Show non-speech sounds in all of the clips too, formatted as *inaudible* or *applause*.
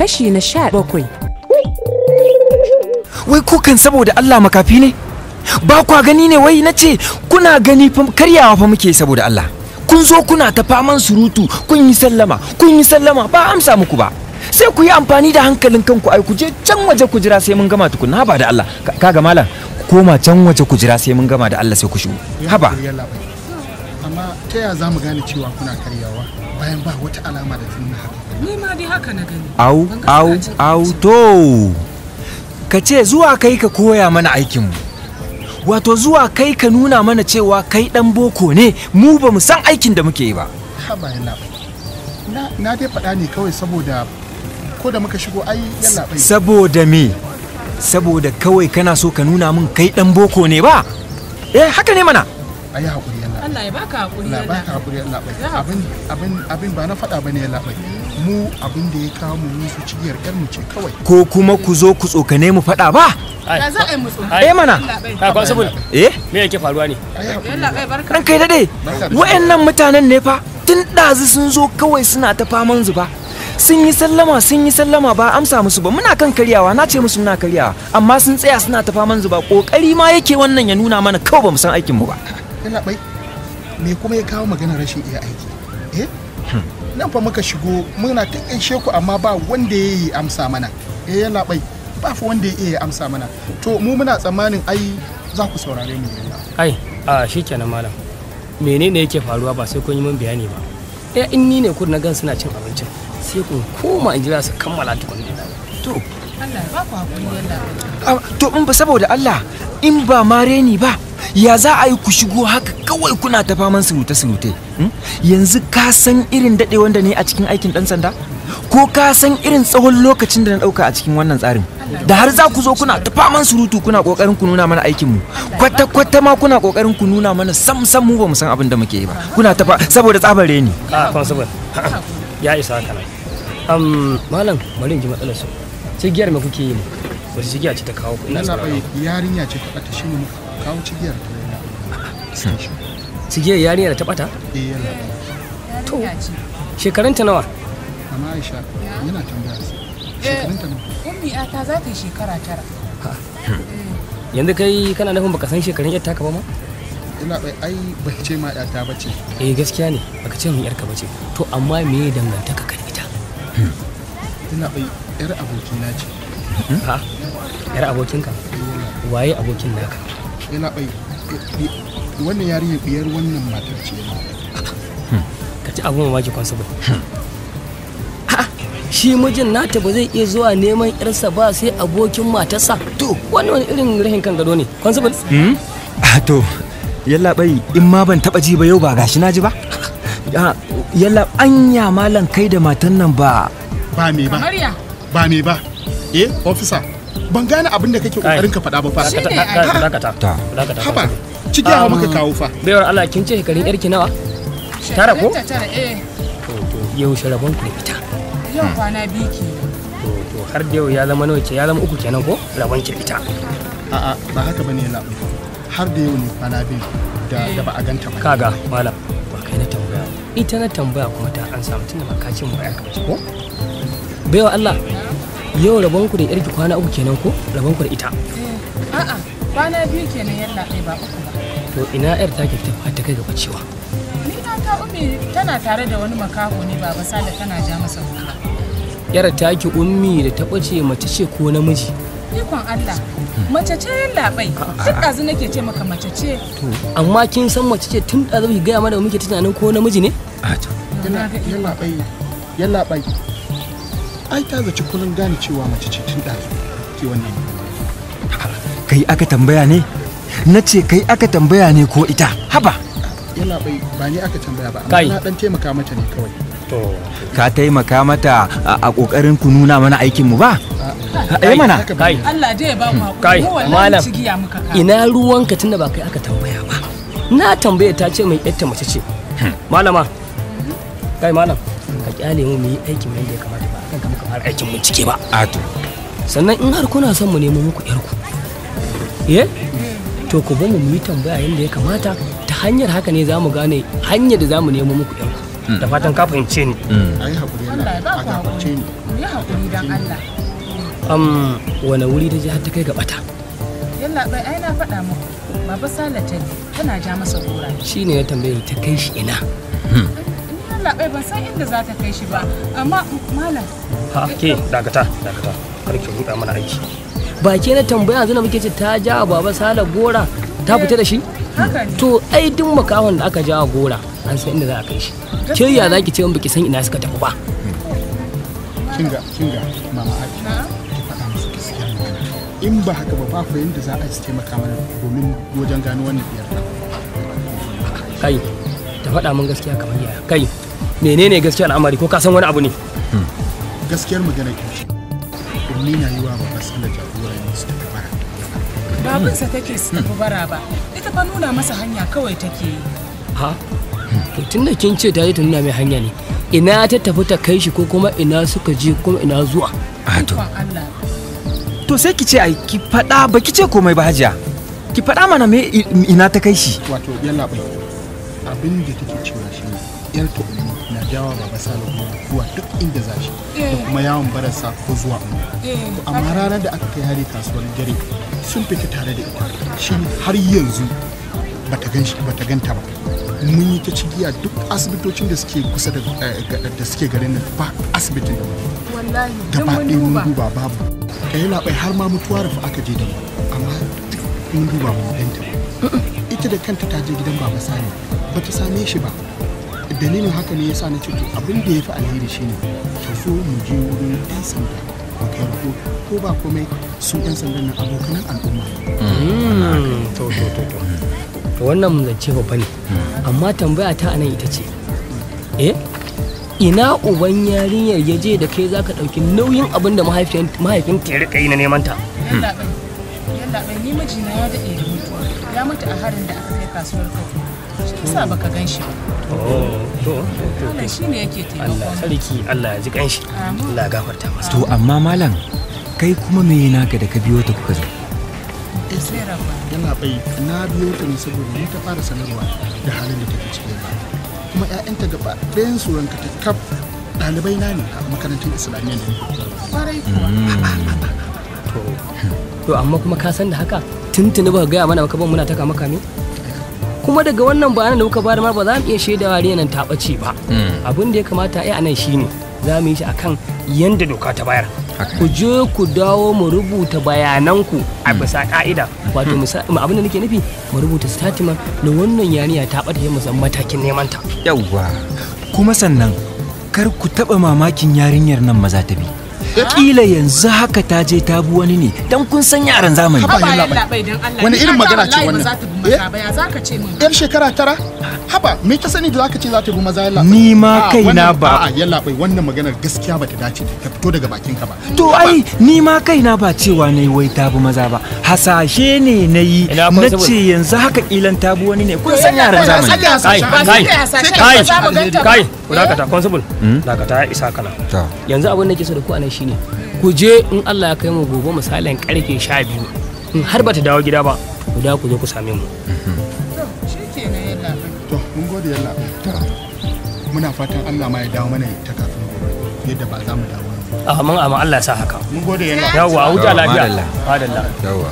kashi na sha bakwai. Wai kukan saboda Allah makafi ne? Ba kwa gani ne wai na ce kuna gani karyawa fa muke saboda Allah. Kun zo kuna ta faman surutu kun yi sallama kun yi sallama ba amsa muku ba. Sai ku yi amfani da hankalin kanku ai ku je can waje ku jira sai mun gama tukunna ba da Allah. Kaga malam koma can waje ku jira sai mun gama da Allah sai ku shigo. Haba. amma ta yaya za mu gane cewa kuna karyawa bayan ba wata alama da tunan haka ni ma dai haka na gani au au au to ka ce zuwa kai ka koya mana aikin mu wato zuwa kai ka nuna mana cewa kai dan boko ne mu ba mu san aikin da muke yi ba haba yana na dai faɗa ne kawai saboda ko da muka shigo ai yalla saboda me saboda kawai kana so ka nuna min kai dan boko ne ba eh haka ne mana ayi hakuri Allah ya baka hakuri Allah baka hakuri Allah bai abin abin abin ba na faɗa bane Allah bai mu abin da ya kawo mu mun su cigiyar kar mu ce kawai ko kuma ku zo ku tsokane mu faɗa ba ya za a yi mu tsokane eh mana ka kwa sabul eh me yake faruwa ne Allah bai barka ranka dade wa'annan mutanen ne fa tun ɗazu sun zo kawai suna ta faman zuba sun yi sallama sun yi sallama ba amsa musu ba muna kan karyawa na ce musu muna karyawa amma sun tsaya suna ta faman zuba kokari ma yake wannan ya nuna mana kawai ba mu san aikin mu ba me kuma ya kawo magana rashin iya aiki eh nan fa muka shigo muna ta gaishe ku amma ba wanda ya yi amsa mana eh ya labai ba fa wanda ya iya amsa mana to mu muna tsammanin ai za ku saurare mu ai a shikenan malam menene yake faruwa ba sai kun yi min bayani ba eh in ni ne kun na gan suna cin abincin sai ku koma in jira su kammala tukun da to Allah ba ku hakuri yalla ah, to in ba saboda Allah in ba mare ni ba ya za a yi ku shigo haka kawai kuna ta faman surute-surute hmm? yanzu ka san irin daɗewan wanda ne a cikin aikin ɗan sanda ko ka san irin tsawon lokacin da na ɗauka a cikin wannan tsarin da har za ku zo kuna ta faman surutu kuna ƙoƙarin ku nuna mana aikinmu kwata-kwata ma kuna ƙoƙarin ku nuna mana sam sam mu ba mu san abin da muke yi ba kuna ta saboda tsabare ni ah, *laughs* ya isa haka malam bari in ji matsalar su sai giyar me kuke yi ne wasu cigiya ce ta kawo kuɗi ba zaɓe yarinya ce ta ɓata shine kawo cigiyar ta yana cigiyar yarinya da ta bata eh yana to shekarun ta nawa? amma aisha yana tambaya eh, shekarun ta nawa? ummi ta za ta yi shekara tara eh. yanzu kai kana nufin baka san shekarun yar taka ba ma? ina bai ai ba ce ma yata ta bace eh gaskiya ne baka ce min yar ka bace to amma me ya dangantaka ka ita ina bai yar abokina ce ha yar abokinka waye abokin naka yana bai wannan yarinya biyar wannan matar ce ka ci abin mamaki constable shi mijin nata ba zai iya zuwa neman yarsa ba sai abokin matarsa to wannan wani irin rahin kan gado ne a hmm? ah, to yalla bai in ma ban taba ji ba yau ba gashi na ji ba ah, yalla anya malam kai da matan nan ba ba me ba ba me ba eh officer ban gane abin da kake kokarin ka faɗa ba fa dakata dakata haba ciki hawa um, maka kawo fa bayar Allah kin ce shekarun yarki nawa tara ko tara eh to yau sharabon ku fita yau kwana biki to to har da yau ya zama nawa ce ya zama uku kenan ko rabon ki fita a a ba haka bane yana ba har da yau ne kwana biyu da da ba a ganta ba kaga malam ba kai na tambaya ita na tambaya kuma ta an samu tunda ba ka ce mu ba ko bayar Allah yau rabon ku da ki kwana uku kenan ko ku da ita eh, a'a kwana biyu kenan yalla kai ba uku ba to ina yar take ta ta kai ga bacewa ni ta ta ummi tana tare da wani makaho ne baba sale tana ja masa kuka yar ki ummi da ta bace mace ce ko namiji ikon Allah mace ce yalla bai duk dazu nake ce maka mace ce to amma kin san mace ce tun da ki ga mana muke tunanin ko namiji ne a to yalla bai yalla bai ai ta zaci kullum gane cewa mace ce tun ɗazu ke wannan kai aka tambaya ne na ce kai aka tambaya ne ko ita haba yana bai ba ni aka tambaya ba amma na dan taimaka mata ne kawai ka taimaka mata a kokarin ku nuna mana aikin mu ba ai eh, mana kai Allah dai ya ba mu kai malam ina ruwanka tunda ba kai aka tambaya ba na tambaya ta ce mai yatta mace ce hmm. malama kai malam ka kyale mu mu yi aikin yadda ya kamata harkar aikin bincike ba a to sannan in har kuna son mu nemo muku ku. eh to ku bamu mu yi tambaya yadda ya kamata ta hanyar haka ne za mu gane hanyar da za mu nemo muku ku. Mm. da fatan ka fahimce ni mm. ayi hakuri Allah ya ba ku ni. ni hakuri dan Allah am wani wuri da jihar ta kai ga bata yalla bai ai na faɗa muku baba ne, tana ja masa gora shine ya tambaye ta kai shi ina hmm. Allah bai eh, ban san inda za ta kai shi ba amma malam ha ke dakata dakata kar ki ruda mana aiki ba ke na tambaya yanzu na muke ce ta ja baba sala gora ta fita da shi eh, to ai duk makawan da aka ja gora an san inda za a kai shi ke ya zaki ce in biki san ina suka tafi ba kinga kinga mama ki faɗa musu gaskiya in ba haka ba ba fahimta za a ci taimaka mana domin wajen gano wannan biyar kai ta faɗa mun gaskiya kamar yaya kai menene gaskiyar al'amari ko ka san wani abu ne hmm. gaskiyar magana ke ummi na yi wa babban sallar jagora ne su tafi bara sa hmm. take su hmm. tafi bara ba ita fa nuna masa hanya kawai take yi ha to tun da kin ce ta yi ta nuna mai hanya ne ina ta tafi ta kai shi ko kuma ina suka je kuma ina zuwa a ah, to to sai ki ce ai ki faɗa ba ki ce komai ba hajiya ki faɗa mana me ina ta kai shi wato yalla bai abin da take cewa shi ne yan umu na dawa baba salo kuwa duk inda za shi da eh. kuma yawon barasa ko zuwa ko eh. amma ranar da aka kai hari kasuwar gari sun fita tare da ita shi har yanzu bata ta ganta ba mun yi ta cikiya duk asibitocin da suke kusa eh, da suke garin nan ba asibitin da ba ba ɗin mun duba babu yi labai har ma mutuwa rufa aka je da mu amma mun duba mu ganta ita da kanta ta je gidan baba sani ta same shi ba dalilin haka ne ya sa na ce to abin da ya fi alheri ne ka zo mu je wurin yan sanda ko kai ko ko ba komai su yan sandan nan abokan al'umma hmm, to to to to to wannan zance babba ne amma tambaya ta anan ita ce eh ina uban yarinyar ya je da kai zaka dauki nauyin abin da mahaifin ta rika yi na neman ta yalla ni mijina ya da mutuwa ya mutu a harin da aka kai kasuwar kawai kisa baka gan shi ba oh, Allah shi ne yake taimako Allah sarki Allah ya ji gan shi Allah ya gafarta masa to amma malam kai kuma me naka da ka biyo ta kuka zo yana bai na biyo ta ne saboda ni ta fara sanarwa da halin da take ciki ba kuma ƴaƴanta gaba ɗayan su ka ta kaf ɗalibai na ne a makarantar islamiyya ne kwarai kuwa mm. to amma kuma ka san da haka tuntuni ba ka gaya mana ba ka ban muna taka maka ne kuma daga wannan bayanan da muka bada ma ba za mu iya shaidawa renan ta bace ba hmm. abin da ya kamata a nan shine za mu yi shi akan yanda doka ta bayar ku je ku dawo mu rubuta bayananku a bisa ka'ida hmm. wato abin da nake nufi mu rubuta statement na wannan yarinya ta bata yin musan matakin neman ta yawwa kuma sannan kar ku taɓa mamakin yarinyar nan maza ta bi kila yanzu haka ta je ta bi wani ne dan kun san yaran zamani wani irin magana ce wannan eh? yar shekara tara haba me ta sani da zaka ce za ta bi maza yalla ni ma na ba a yalla bai wannan maganar gaskiya ba ta dace ta fito daga bakin ka ba to ai ni ma kai na ba cewa nayi wai ta bu maza ba hasashe ne nayi ce yanzu haka kilan ta bu wani ne kun san yaran zamani kai kai kai kai ku eh? dakata constable hmm? dakata ya isa kana yanzu abin da ke so da ku anan shine ku je in Allah ya kai mu gobe misalin karfe 12 in har ba ta dawo gida ba ku da ku zo ku same mu mhm. da yalla muna fatan Allah ma ya dawo mana ta kafin gobe yadda ba za mu dawo amin amin Allah ya sa haka mun gode yalla yawa huta lafiya madalla yawa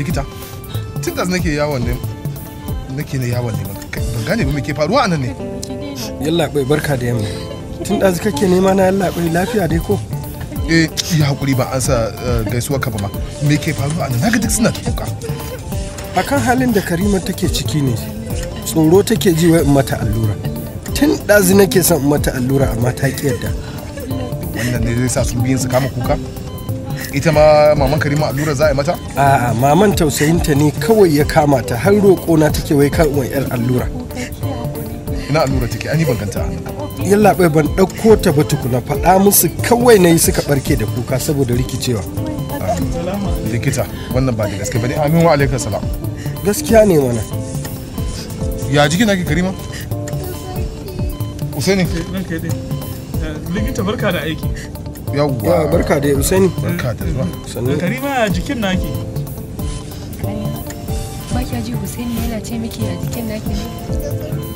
likita tun nake yawon ne nake ne yawon ne ban gane ba me ke faruwa a nan ne yallaɓai barka da yamma tun ɗazu kake nema na yallaɓai lafiya dai ko eh ya hakuri ba an sa eh, gaisuwar ka ba ma me ke faruwa a nan naga duk suna tuka akan halin da karima take ciki ne tsoro take ji wai mata allura tun ɗazu nake son mata allura amma ta ki yadda wannan ne zai sa su biyun su kama kuka ita ma maman karima allura za a yi mata a'a maman tausayinta ne kawai ya kama ta har roƙo na take wai kan yar allura na allura take ani ban ganta yalla bai ban ɗauko ta ba tukuna faɗa musu kawai na yi suka barke da kuka saboda rikicewa likita wannan ba da gaske ba amin wa alaikum salam gaskiya ne mana ya jikin ake karima usaini eh, likita barka da aiki yawwa barka da usaini barka da zuwa sannan eh, karima jikin naki ba ki ji usaini yana ce miki ya jikin naki ne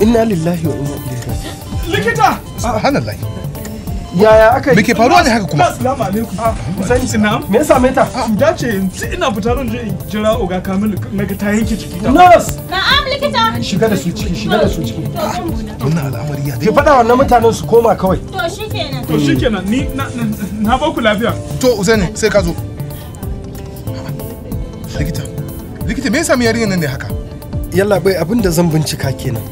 inna lillahi wa inna ilaihi raji'un likita subhanallahi yaya aka yi me ke faruwa ne haka kuma assalamu alaikum sani ah, sinam me yasa meta ah, da ce yanzu ina fita ran je jira oga kamil mai ta yanke ciki ta nurse na'am likita shiga da su ciki shiga da su ciki wannan al'amari ya ke fada wannan mutanen su koma kawai to shikenan to shikenan ni na ba ku lafiya to usaini sai ka zo likita likita me yasa mu yarinya nan ne haka yalla bai abin da zan bincika kenan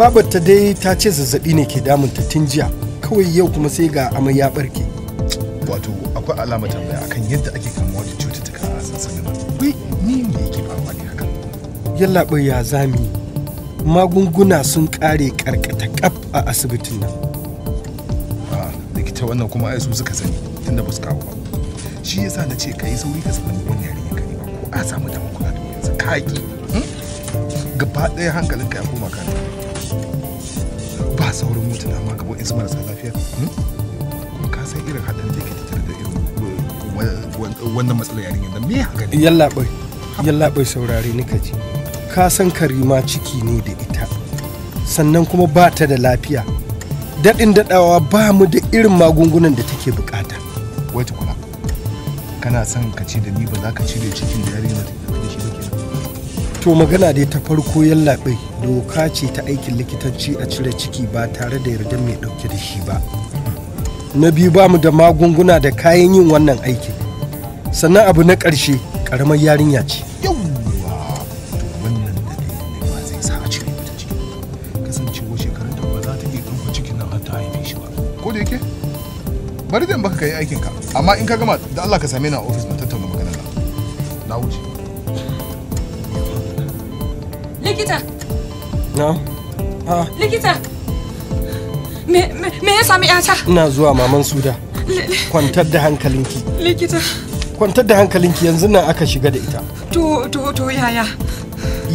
babar ta dai ta ce zazzabi ne ke damunta tun jiya kawai yau kuma sai ga amai ya barke wato akwai alama tambaya akan yadda ake kamuwa da cututtuka a sansanin wai ni me yake faruwa ne haka yalla bai ya zami magunguna sun kare karkata kaf a asibitin nan a likita wannan kuma ai su suka sani tunda ba su kawo ba shi yasa na ce kai sauri ka samu wani yare ne kai ko a samu damar kula da yanzu kaki hmm? gaba ɗaya hankalinka ya koma kanta ba saurin mutu da ma gaba insu marasa lafiya hmm? ka san irin haɗin da yake tattare da irin wannan matsalar yarin yadda me haka ne yalla bai yalla bai saurare ni kaji ka san karima ciki ne da ita sannan kuma ba ta da lafiya daɗin daɗawa ba mu da irin magungunan da take bukata wata kula kana son ka ce da ni ba za ka ce da cikin da yarinyar to magana dai ta farko yallaɓai doka ce ta aikin likitanci a cire ciki ba tare da yarda mai ɗauke da shi ba na biyu ba mu da magunguna da kayan yin wannan aikin sannan abu na ƙarshe ƙaramar yarinya ce bari zan baka kai aikinka amma in ka gama da Allah ka same ni a ofis mu tattauna likita na ha likita me me ya sami yata ina zuwa maman suda kwantar da hankalinki likita kwantar da hankalinki yanzu nan aka shiga da ita to to to yaya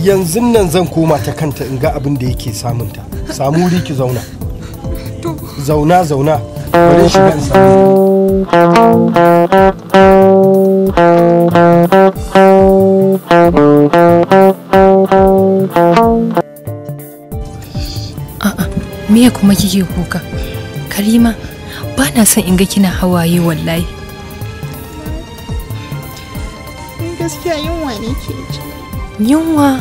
yanzu nan zan koma ta kanta in ga abin da yake samunta samu ki zauna zauna zauna bari shiga in samu kike kuka karima ba na son in ga kina hawaye wallahi gaskiya yunwa ne ke yunwa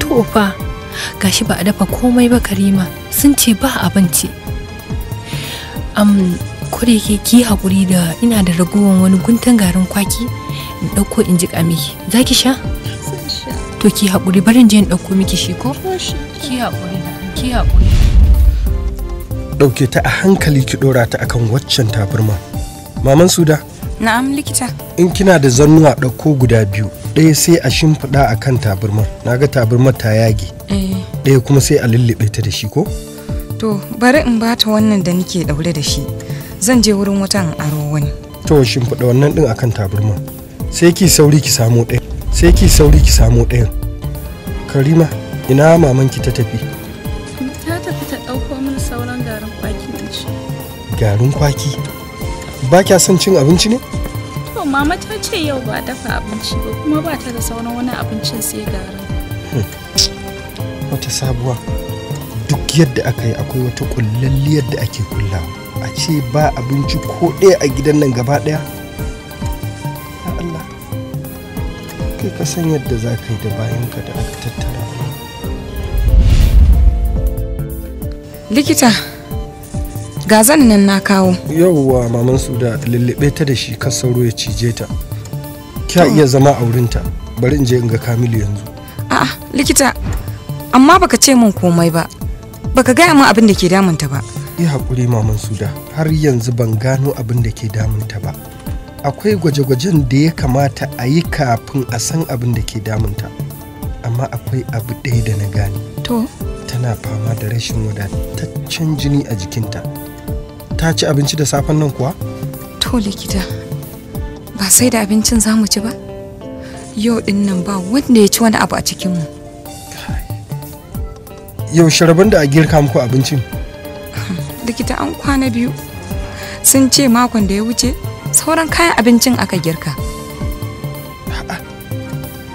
to fa gashi ba a dafa komai ba karima sun ce ba abinci am kure ke ki haƙuri da ina da ragowar wani guntun garin kwaki in ɗauko in ji miki za ki sha to ki haƙuri barin je in ɗauko miki shi ko ki haƙuri ki haƙuri ɗauke ta a hankali ki ɗora ta akan waccan tabarma maman suda na'am likita in kina da zannuwa ɗauko guda biyu ɗaya sai a shimfiɗa a kan tabarmar na ga tabarmar ta yage eh. ɗaya kuma sai a lullube ta da shi ko to bari in ba ta wannan da nake ɗaure da shi zan je wurin wata in aro wani to shimfiɗa wannan ɗin akan tabarmar sai ki sauri ki samo ɗaya sai ki sauri ki samo ɗayan karima ina mamanki ta tafi garin kwaki ba kya son cin abinci ne? to mama ta ce yau ba dafa abinci ba kuma ba ta da sauran wani abincin sai garin hmm. wata sabuwa duk yadda aka yi akwai wata kullalliyar da ake kula a ce ba abinci ko ɗaya a gidan nan gaba ɗaya Allah kai ka san yadda za ka yi da bayanka da aka tattara likita ga zan nan na kawo yauwa maman su da lullube ta da shi kan sauro ya cije ta kya iya zama a wurinta bari in je in ga kamilu yanzu a'a likita amma baka ce min komai ba baka gaya min abin da ke damunta ba yi haƙuri maman suda har yanzu ban gano abin da ke damunta ba akwai gwaje-gwajen da ya kamata a yi kafin a san abin da ke damunta amma akwai abu ɗaya da na gane to tana fama da rashin wadataccen jini a jikinta ta ci abinci da safen nan kuwa? To likita, ba sai da abincin za mu ci ba? Yau din nan ba wanda ya ci wani abu a cikinmu. Yau sharabin da a girka muku abincin? *laughs* Likita an kwana biyu. Sun ce makon da ya wuce, sauran kayan abincin aka girka.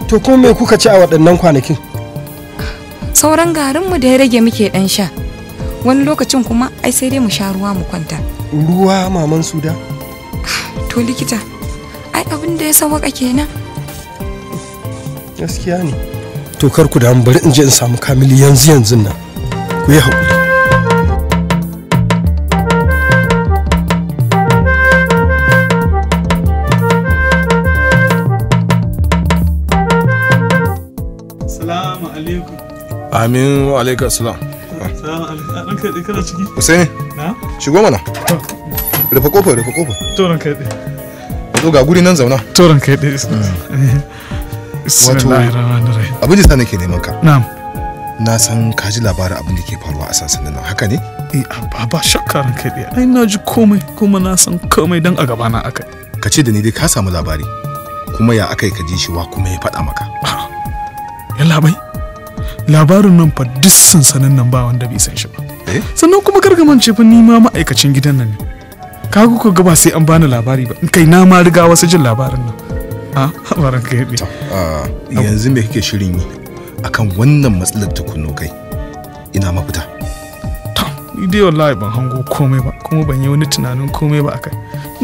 To kuma me kuka ci a waɗannan kwanakin? Sauran garinmu da ya rage muke ɗan sha. wani lokacin kuma ai sai dai mu sha ruwa mu kwanta ruwa maman suda to likita ai abin da ya sawaka kenan gaskiya ne to kar ku da bari in je in samu kamili yanzu yanzu nan ku yi haƙuri Amin wa alaikar salam. ranka kana ciki usaini na shigo mana rufe kofar rufe kofar to ranka dai zo ga guri nan zauna to ranka dai hmm. wato abin da sani ke neman ka na'am na san ka ji labarin abin da ke faruwa a sansanin nan haka ne eh ba ba shakka ranka dai ai na ji komai kuma na san komai dan a gaba na aka ka ce da ni dai ka samu labari kuma ya aka yi ka ji shi wa kuma ya faɗa maka yalla bai labarin nan fa duk sansanin nan ba wanda bai san shi ba eh? sannan kuma gargamance fa ni ma ma'aikacin gidan nan ne ka ku ga gaba sai an bani labari ba in kai na ma riga wasu jin labarin nan a baran kai ne yanzu me kake shirin yi akan wannan matsalar tukunno kai ina mafita ni dai wallahi ban hango komai ba kuma ban yi wani tunanin komai ba akai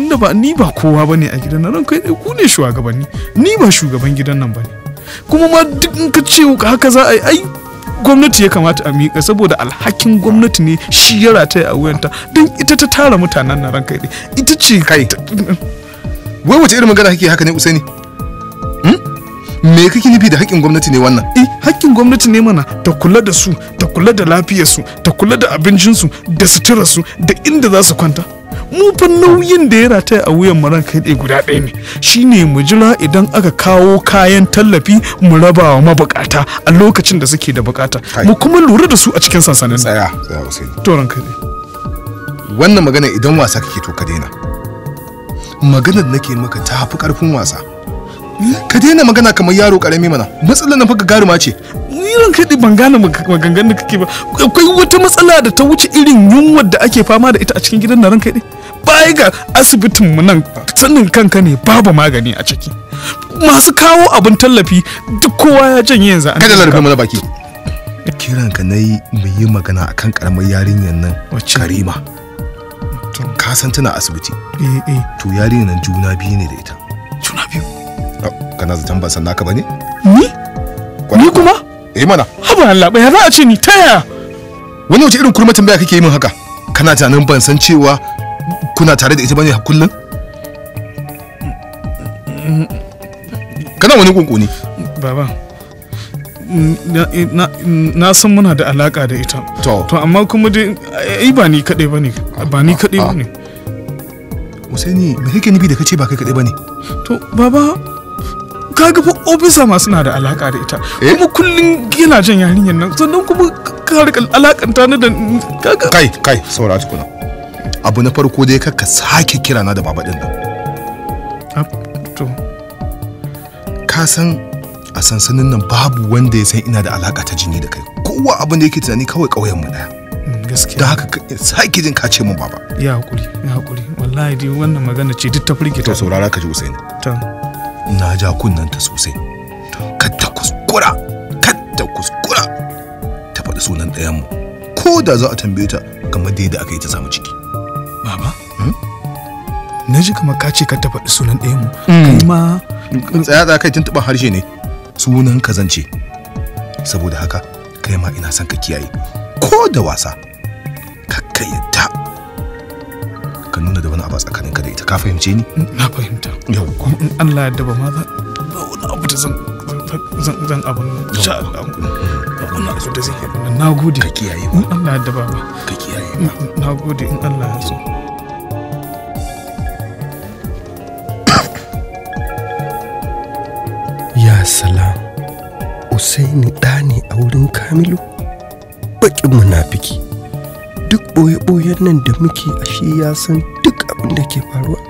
inda ba ni ba kowa bane a gidan nan ran kai ku ne shugabanni ni ba shugaban gidan nan bane kuma ma duk in ka ce haka za a yi ai gwamnati ya kamata a miƙa saboda alhakin gwamnati ne shi ya rataya a wuyanta don ita ta tara mutanen na ranka ne ita ce kai wai wace irin magana kake haka ne usaini hmm? me kake nufi da haƙƙin gwamnati ne wannan eh haƙƙin gwamnati ne mana ta kula da su ta kula da lafiyarsu ta kula da abincinsu da suturarsu da inda za su kwanta mu fa nauyin da ya rataya a wuyan mu kai ɗaya guda ɗaya ne shine mu jira idan aka kawo kayan tallafi mu raba wa mabukata a lokacin da suke da bukata mu kuma lura da su a cikin sansanin tsaya tsaya Hussein to wannan magana idan wasa kake to ka daina maganar nake maka ta fi karfin wasa ka daina magana kamar yaro karami mana matsalar nan fa garuma ce irin kai ban gane maganganun da kake ba akwai wata matsala da ta wuce irin yunwar da ake fama da ita a cikin gidan nan kaɗi bai ga asibitin mu nan sanin kanka ne babu magani a ciki masu kawo abin tallafi duk kowa ya janye yanzu kada larfe mana baki kiran ka na yi mu yi magana akan karamar yarinyar nan karima ka san tana asibiti eh, eh. to yarinyar nan juna biyu ne da ita juna biyu Oh, kana zaton ban san naka bane ni ni kuma eh mana haba Allah bai za a ce ni taya wani wace irin kurmatin baya kake yi min haka kana tunanin ban san cewa kuna tare da ita bane kullum kana wani kunkuni baba na san muna da alaka da ita to amma kuma dai ai ba ni kadai bane ba ni kadai bane ah. Usaini me kake nufi da kace ba kai kadai bane to baba kaga fa ofisa ma suna da alaka da ita eh? kuma kullum yana jan yarinyar nan sannan kuma ka rika alakanta ni da kaga kai kai saurara tukuna abu na farko dai ka sake kira na da baba din nan ah, to ka san a sansanin nan babu wanda ya san ina da alaka ta jini da kai kowa abin da yake tunani kawai ƙauyen mu daya mm, gaskiya da haka sake jin ka ce mun baba ya hakuri ya hakuri wallahi dai wannan magana ce duk ta firgita to saurara ka ji Usaini to na ja kunnanta sosai katta kuskura katta kuskura ta faɗi sunan ɗayanmu ko da za a tambaye ta game da yadda aka yi ta samu ciki baba hmm? na ji kamar ka ce ka ta faɗi sunan ɗayanmu hmm. kai ma tsaya da kai tuntuɓar harshe ne sunan ka zance saboda haka kai ma ina son ka kiyaye ko da wasa kakka ta. ka nuna da wani abu ka da ita ka fahimce ni mm, na fahimta yau kuma in Allah ya yarda ba ma za ba wani abu da zan zan zan abu insha Allah mm, ba mm, wani abu da zan yi na gode ka kiyaye in Allah ya yarda ba ka kiyaye na gode in Allah ya so ya salam Usaini dani a wurin Kamilu bakin munafiki duk ɓoye-ɓoyen nan da muke ashe ya san duk abin da ke faruwa